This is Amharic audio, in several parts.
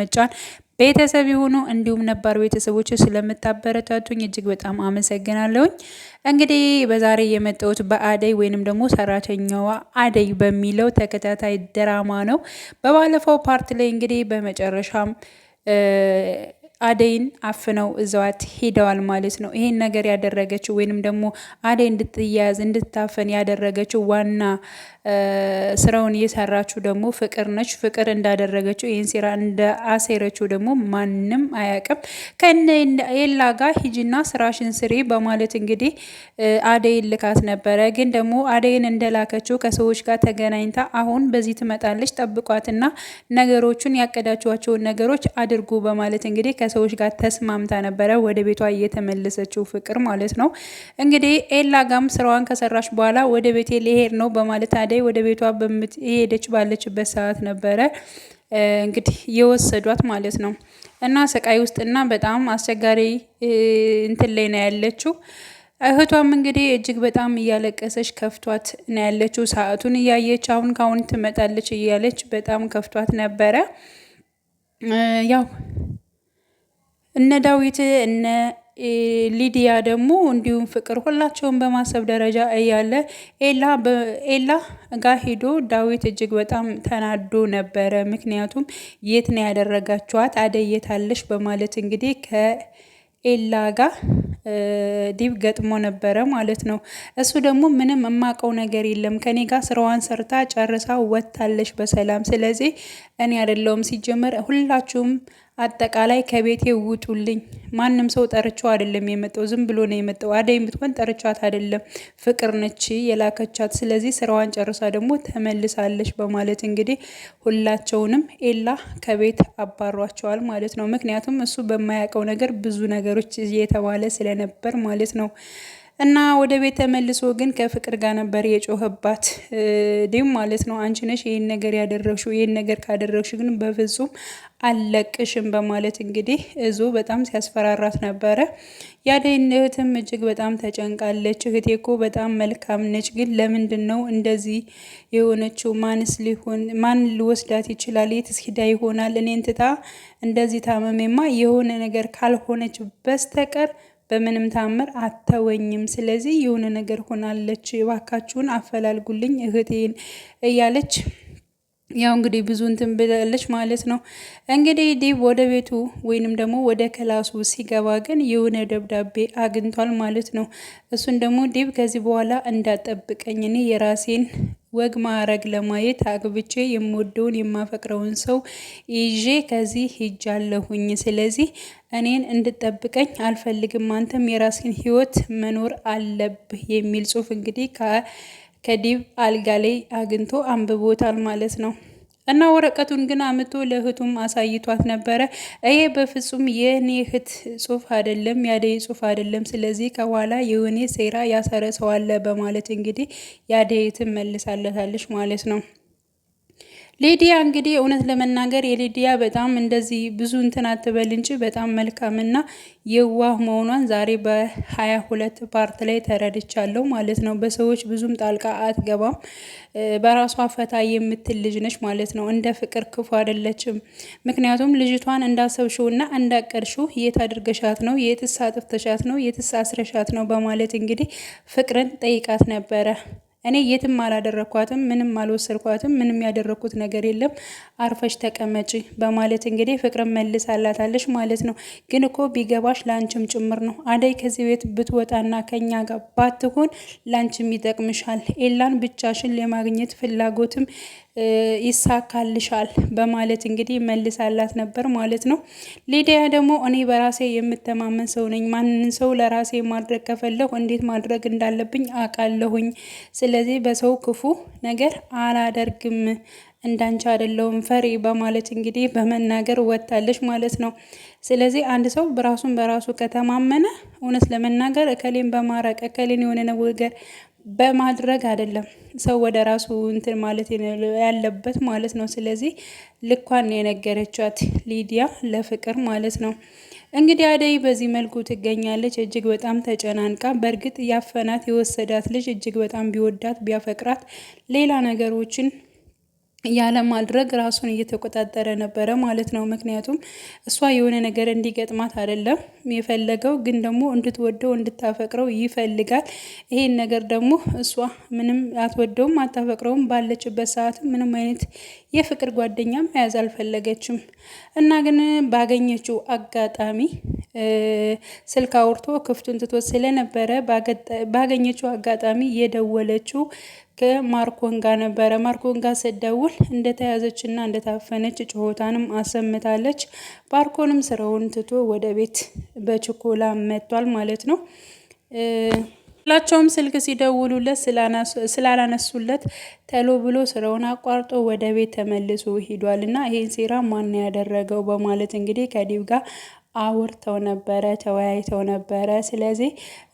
መጫን ቤተሰብ የሆኑ እንዲሁም ነባር ቤተሰቦች ስለምታበረታቱኝ እጅግ በጣም አመሰግናለሁኝ። እንግዲህ በዛሬ የመጣሁት በአደይ ወይንም ደግሞ ሰራተኛዋ አደይ በሚለው ተከታታይ ድራማ ነው። በባለፈው ፓርት ላይ እንግዲህ በመጨረሻም አደይን አፍነው እዘዋት ሄደዋል ማለት ነው። ይሄን ነገር ያደረገችው ወይንም ደግሞ አደይ እንድትያያዝ እንድታፈን ያደረገችው ዋና ስራውን እየሰራችው ደግሞ ፍቅር ነች። ፍቅር እንዳደረገችው ይህን ሴራ እንደ አሴረችው ደግሞ ማንም አያውቅም። ከነ ኤላ ጋር ሂጂና ስራሽን ስሪ በማለት እንግዲህ አደይን ልካት ነበረ። ግን ደግሞ አደይን እንደላከችው ከሰዎች ጋር ተገናኝታ አሁን በዚህ ትመጣለች፣ ጠብቋትና ነገሮቹን ያቀዳችኋቸውን ነገሮች አድርጉ በማለት እንግዲህ ከሰዎች ጋር ተስማምታ ነበረ ወደ ቤቷ እየተመለሰችው ፍቅር ማለት ነው። እንግዲህ ኤላ ጋም ስራዋን ከሰራች በኋላ ወደ ቤቴ ሊሄድ ነው በማለት አደይ ወደ ቤቷ ሄደች ባለችበት ሰዓት ነበረ እንግዲህ የወሰዷት ማለት ነው። እና ስቃይ ውስጥና በጣም አስቸጋሪ እንትን ላይ ነው ያለችው። እህቷም እንግዲህ እጅግ በጣም እያለቀሰች ከፍቷት ነው ያለችው። ሰዓቱን እያየች አሁን ካሁን ትመጣለች እያለች በጣም ከፍቷት ነበረ ያው እነ ዳዊት እነ ሊዲያ ደግሞ እንዲሁም ፍቅር ሁላቸውን በማሰብ ደረጃ እያለ ኤላ ጋ ሂዶ ዳዊት እጅግ በጣም ተናዶ ነበረ። ምክንያቱም የት ነው ያደረጋችኋት አደየታለሽ በማለት እንግዲህ ከኤላ ጋር ዲብ ገጥሞ ነበረ ማለት ነው። እሱ ደግሞ ምንም የማውቀው ነገር የለም ከኔ ጋር ስራዋን ሰርታ ጨርሳ ወጥታለች በሰላም ስለዚህ እኔ አይደለውም ሲጀመር ሁላችሁም አጠቃላይ ከቤቴ ውጡልኝ። ማንም ሰው ጠርቼው አይደለም የመጣው፣ ዝም ብሎ ነው የመጣው። አደይ ብትሆን ጠርቻት አይደለም፣ ፍቅር ነች የላከቻት። ስለዚህ ስራዋን ጨርሳ ደግሞ ተመልሳለች በማለት እንግዲህ ሁላቸውንም ኤላ ከቤት አባሯቸዋል ማለት ነው። ምክንያቱም እሱ በማያውቀው ነገር ብዙ ነገሮች እየተባለ ስለነበር ማለት ነው። እና ወደ ቤት ተመልሶ ግን ከፍቅር ጋር ነበር የጮኸባት ዲም ማለት ነው። አንቺ ነሽ ይህን ነገር ያደረግሽው፣ ይህን ነገር ካደረግሽ ግን በፍጹም አለቅሽም በማለት እንግዲህ እዙ በጣም ሲያስፈራራት ነበረ። ያደይን እህትም እጅግ በጣም ተጨንቃለች። እህቴ እኮ በጣም መልካም ነች፣ ግን ለምንድን ነው እንደዚህ የሆነችው? ማንስ ሊሆን ማን ሊወስዳት ይችላል? የትስ ሂዳ ይሆናል? እኔን ትታ እንደዚህ ታመሜማ የሆነ ነገር ካልሆነች በስተቀር በምንም ታምር አተወኝም። ስለዚህ የሆነ ነገር ሆናለች፣ እባካችሁን አፈላልጉልኝ እህቴን እያለች ያው እንግዲህ ብዙ እንትን ብላለች ማለት ነው። እንግዲህ ዴቭ ወደ ቤቱ ወይንም ደግሞ ወደ ክላሱ ሲገባ ግን የሆነ ደብዳቤ አግኝቷል ማለት ነው። እሱን ደግሞ ዴቭ ከዚህ በኋላ እንዳጠብቀኝ እኔ የራሴን ወግ ማዕረግ ለማየት አግብቼ የምወደውን የማፈቅረውን ሰው ይዤ ከዚህ ሂጃለሁኝ። ስለዚህ እኔን እንድጠብቀኝ አልፈልግም፣ አንተም የራስን ህይወት መኖር አለብህ የሚል ጽሁፍ እንግዲህ ከዲብ አልጋ ላይ አግኝቶ አንብቦታል ማለት ነው። እና ወረቀቱን ግን አምቶ ለእህቱም አሳይቷት ነበረ። ይሄ በፍጹም የኔ እህት ጽሁፍ አይደለም፣ ያደይ ጽሁፍ አይደለም። ስለዚህ ከኋላ የሆኔ ሴራ ያሰረሰዋለ በማለት እንግዲህ ያደይትን መልሳለታለች ማለት ነው። ሌዲያ እንግዲህ እውነት ለመናገር የሌዲያ በጣም እንደዚህ ብዙ እንትን አትበል እንጂ በጣም መልካምና የዋህ መሆኗን ዛሬ በሀያ ሁለት ፓርት ላይ ተረድቻለሁ ማለት ነው። በሰዎች ብዙም ጣልቃ አትገባም፣ በራሷ ፈታ የምትል ልጅ ነች ማለት ነው። እንደ ፍቅር ክፉ አይደለችም። ምክንያቱም ልጅቷን እንዳሰብሽውና እንዳቀድሽው የት አድርገሻት ነው የትስ አጥፍተሻት ነው የትስ አስረሻት ነው በማለት እንግዲህ ፍቅርን ጠይቃት ነበረ። እኔ የትም አላደረኳትም፣ ምንም አልወሰድኳትም፣ ምንም ያደረኩት ነገር የለም፣ አርፈሽ ተቀመጪ በማለት እንግዲህ ፍቅርን መልሳላታለች ማለት ነው። ግን እኮ ቢገባሽ ለአንቺም ጭምር ነው። አደይ ከዚህ ቤት ብትወጣና ከኛ ጋር ባትሆን ለአንቺም ይጠቅምሻል። ኤላን ብቻሽን ለማግኘት ፍላጎትም ይሳካልሻል በማለት እንግዲህ መልሳላት ነበር ማለት ነው። ሊዲያ ደግሞ እኔ በራሴ የምተማመን ሰው ነኝ። ማንን ሰው ለራሴ ማድረግ ከፈለሁ እንዴት ማድረግ እንዳለብኝ አውቃለሁኝ። ስለዚህ በሰው ክፉ ነገር አላደርግም እንዳንቺ አይደለሁም ፈሪ በማለት እንግዲህ በመናገር ወጥታለች ማለት ነው። ስለዚህ አንድ ሰው በራሱን በራሱ ከተማመነ እውነት ለመናገር እከሌን በማረቅ እከሌን የሆነ ነገር በማድረግ አይደለም ሰው ወደ ራሱ እንትን ማለት ያለበት ማለት ነው። ስለዚህ ልኳን የነገረቻት ሊዲያ ለፍቅር ማለት ነው። እንግዲህ አደይ በዚህ መልኩ ትገኛለች፣ እጅግ በጣም ተጨናንቃ። በእርግጥ ያፈናት የወሰዳት ልጅ እጅግ በጣም ቢወዳት ቢያፈቅራት ሌላ ነገሮችን ያለማድረግ ራሱን እየተቆጣጠረ ነበረ ማለት ነው። ምክንያቱም እሷ የሆነ ነገር እንዲገጥማት አይደለም የፈለገው፣ ግን ደግሞ እንድትወደው እንድታፈቅረው ይፈልጋል። ይሄን ነገር ደግሞ እሷ ምንም አትወደውም አታፈቅረውም። ባለችበት ሰዓት ምንም አይነት የፍቅር ጓደኛ መያዝ አልፈለገችም እና ግን ባገኘችው አጋጣሚ ስልክ አውርቶ ክፍቱን ትቶት ስለነበረ ባገኘችው አጋጣሚ የደወለችው ከማርኮን ጋር ነበረ። ማርኮን ጋር ስደውል እንደተያዘች እና እንደታፈነች ጩኸቷንም አሰምታለች። ባርኮንም ስራውን ትቶ ወደ ቤት በችኮላ መጥቷል ማለት ነው። ሁላቸውም ስልክ ሲደውሉለት ስላላነሱለት ተሎ ብሎ ስራውን አቋርጦ ወደ ቤት ተመልሶ ሂዷል እና ይህን ሴራ ማን ያደረገው በማለት እንግዲህ ከዲብ ጋር አውርተው ነበረ፣ ተወያይተው ነበረ። ስለዚህ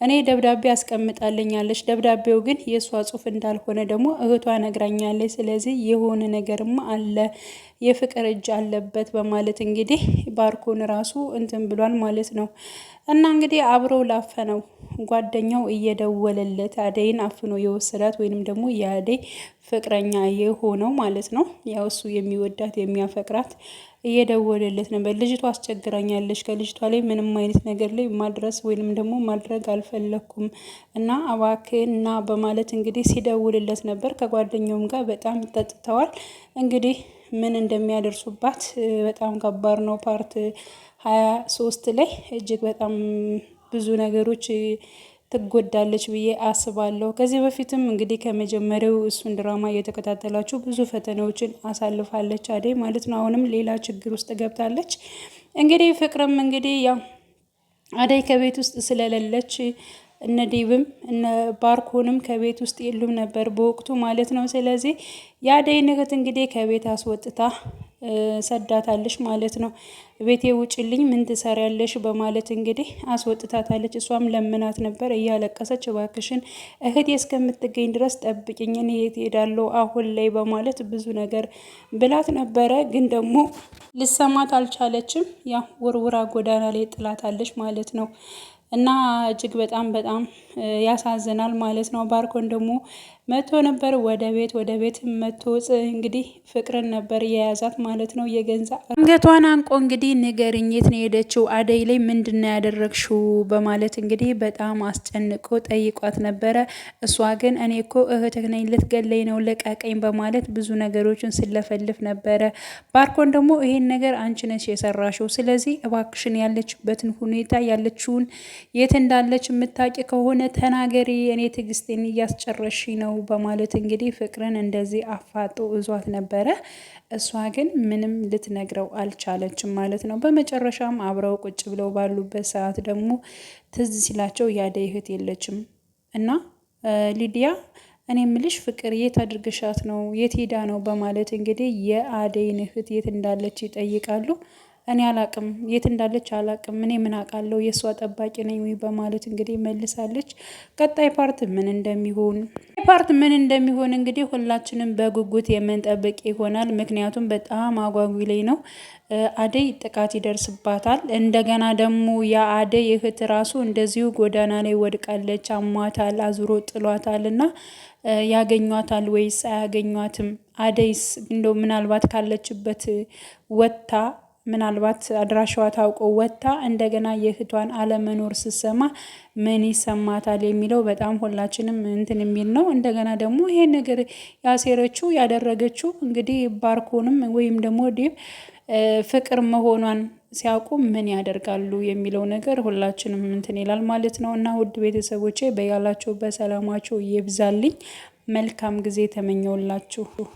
እኔ ደብዳቤ አስቀምጣልኛለች። ደብዳቤው ግን የእሷ ጽሑፍ እንዳልሆነ ደግሞ እህቷ ነግራኛለች። ስለዚህ የሆነ ነገርም አለ፣ የፍቅር እጅ አለበት በማለት እንግዲህ ባርኮን ራሱ እንትን ብሏል ማለት ነው እና እንግዲህ አብረው ላፈ ነው ጓደኛው እየደወለለት አደይን አፍኖ የወሰዳት ወይንም ደግሞ የአደይ ፍቅረኛ የሆነው ማለት ነው። ያው እሱ የሚወዳት የሚያፈቅራት እየደወለለት ነበር። ልጅቷ አስቸግራኛለች፣ ከልጅቷ ላይ ምንም አይነት ነገር ላይ ማድረስ ወይንም ደግሞ ማድረግ አልፈለኩም እና አባክና በማለት እንግዲህ ሲደውልለት ነበር። ከጓደኛውም ጋር በጣም ጠጥተዋል። እንግዲህ ምን እንደሚያደርሱባት በጣም ከባድ ነው። ፓርት ሀያ ሶስት ላይ እጅግ በጣም ብዙ ነገሮች ትጎዳለች ብዬ አስባለሁ። ከዚህ በፊትም እንግዲህ ከመጀመሪያው እሱን ድራማ እየተከታተላችሁ ብዙ ፈተናዎችን አሳልፋለች አደይ ማለት ነው። አሁንም ሌላ ችግር ውስጥ ገብታለች። እንግዲህ ፍቅርም እንግዲህ ያው አደይ ከቤት ውስጥ ስለሌለች እነ ዲብም እነ ባርኮንም ከቤት ውስጥ የሉም ነበር በወቅቱ ማለት ነው። ስለዚህ የአደይ ንግት እንግዲህ ከቤት አስወጥታ ሰዳታለች ማለት ነው። ቤቴ ውጭልኝ ምን ትሰሪያለሽ? በማለት እንግዲህ አስወጥታታለች። እሷም ለምናት ነበር እያለቀሰች እባክሽን እህቴ እስከምትገኝ ድረስ ጠብቂኝን የት ሄዳለሁ አሁን ላይ በማለት ብዙ ነገር ብላት ነበረ። ግን ደግሞ ልሰማት አልቻለችም። ያ ውርውራ ጎዳና ላይ ጥላታለች ማለት ነው። እና እጅግ በጣም በጣም ያሳዝናል ማለት ነው። ባርኮን ደግሞ መቶ ነበር ወደ ቤት ወደ ቤት መቶ እንግዲህ ፍቅርን ነበር የያዛት ማለት ነው። የገንዛ አንገቷን አንቆ እንግዲህ ንገሪኝ የት ነው የሄደችው አደይ ላይ ምንድን ነው ያደረግሽው በማለት እንግዲህ በጣም አስጨንቆ ጠይቋት ነበረ። እሷ ግን እኔ እኮ እህትህ ነኝ ልትገለኝ ነው ልቀቀኝ በማለት ብዙ ነገሮችን ስለፈልፍ ነበረ። ባርኮን ደግሞ ይሄን ነገር አንቺ ነሽ የሰራሽው፣ ስለዚህ እባክሽን ያለችበትን ሁኔታ ያለችውን የት እንዳለች የምታውቂ ከሆነ ተናገሪ፣ እኔ ትዕግስቴን እያስጨረሽ ነው በማለት እንግዲህ ፍቅርን እንደዚህ አፋጦ እዟት ነበረ። እሷ ግን ምንም ልትነግረው አልቻለችም ማለት ነው። በመጨረሻም አብረው ቁጭ ብለው ባሉበት ሰዓት ደግሞ ትዝ ሲላቸው ያደይ እህት የለችም እና ሊዲያ እኔ ምልሽ ፍቅር የት አድርገሻት ነው? የት ሄዳ ነው? በማለት እንግዲህ የአደይን እህት የት እንዳለች ይጠይቃሉ። እኔ አላቅም የት እንዳለች አላቅም፣ እኔ ምን አውቃለሁ የእሷ ጠባቂ ነኝ ወይ በማለት እንግዲህ መልሳለች። ቀጣይ ፓርት ምን እንደሚሆን ፓርት ምን እንደሚሆን እንግዲህ ሁላችንም በጉጉት የምንጠብቅ ይሆናል። ምክንያቱም በጣም አጓጊ ላይ ነው። አደይ ጥቃት ይደርስባታል። እንደገና ደግሞ የአደይ እህት ራሱ እንደዚሁ ጎዳና ላይ ወድቃለች፣ አሟታል፣ አዙሮ ጥሏታል እና ያገኟታል ወይስ አያገኟትም? አደይስ እንደው ምናልባት ካለችበት ወጥታ ምናልባት አድራሻዋ ታውቆ ወጥታ እንደገና የእህቷን አለመኖር ስሰማ ምን ይሰማታል የሚለው በጣም ሁላችንም እንትን የሚል ነው። እንደገና ደግሞ ይሄ ነገር ያሴረችው ያደረገችው እንግዲህ ባርኮንም ወይም ደግሞ ዴብ ፍቅር መሆኗን ሲያውቁ ምን ያደርጋሉ የሚለው ነገር ሁላችንም እንትን ይላል ማለት ነው። እና ውድ ቤተሰቦቼ በያላቸው በሰላማቸው ይብዛልኝ። መልካም ጊዜ ተመኘውላችሁ።